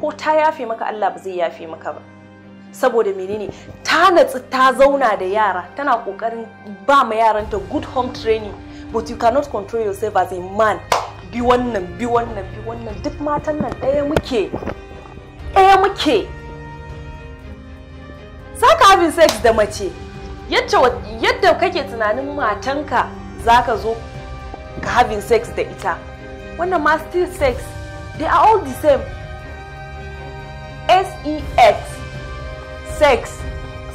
ko ta yafe maka Allah ba zai yafe maka ba saboda menene ta natsu ta zauna da yara tana kokarin ba ma yaranta good home training but you cannot control yourself as a man bi wannan bi wannan bi wannan duk matan nan ɗaya muke ɗaya muke saka abin sex da mace yadda kake tunanin matanka zaka zo ka having sex da ita wannan ma still sex they are all the same sex sex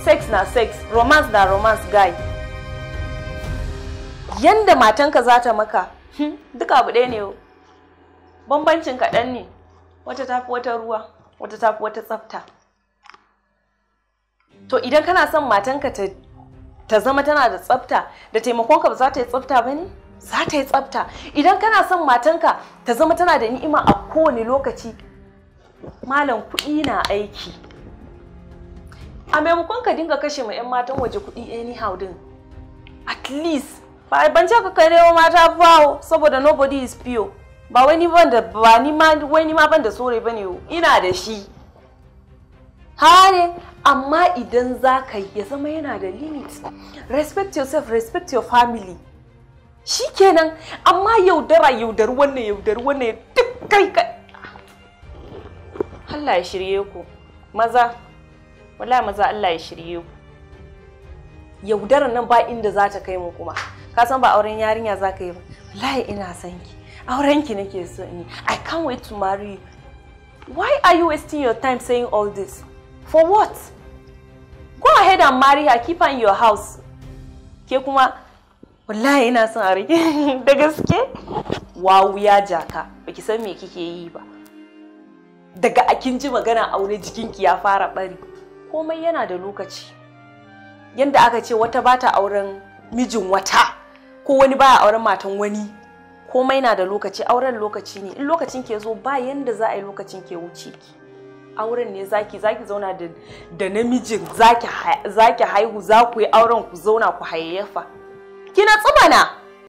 sex na sex romance na romance guy yanda matanka za ta maka hmm, duka abu ɗaya ne bambancin kaɗan ne wata tafi wata ruwa wata tafi wata tsafta to idan kana son matanka ta ta zama tana da tsafta da taimakonka ba za ta yi tsafta ba ne za ta yi tsafta idan kana son matanka ta zama tana da ni'ima a kowane lokaci malam kuɗi na aiki a maimakon ka dinga kashe ma 'yan matan waje kuɗi anyhow din at least ba ban ce ka kai wa mata bawo saboda nobody is pure ba wani ban da ba ni ma wani ma ban da sore bane ina da shi hare amma idan za ka ya zama yana da limit respect yourself respect your family shikenan amma yaudara yaudar wannan yaudar wannan duk kai Allah ya shirye ku maza wallahi maza Allah ya shirye ku yaudarar nan ba inda za ta kai mu kuma ka san ba auren yarinya za ka yi ba wallahi ina son ki auren ki nake so ni I can't wait to marry you why are you wasting your time saying all this for what go ahead and marry her keep her in your house ke kuma wallahi ina son a rike da gaske wawu ya jaka baki san me kike yi ba daga akin ji magana aure jikin ki ya fara bari komai yana da lokaci yanda aka ce wata bata auren mijin wata ko wani baya auren matan wani komai na da lokaci auren lokaci ne in lokacin ke zo ba yanda za a yi lokacin ke wuce ki auren ne zaki zaki zauna da da namijin zaki zaki haihu za ku yi auren ku zauna ku hayayyafa kina tsumana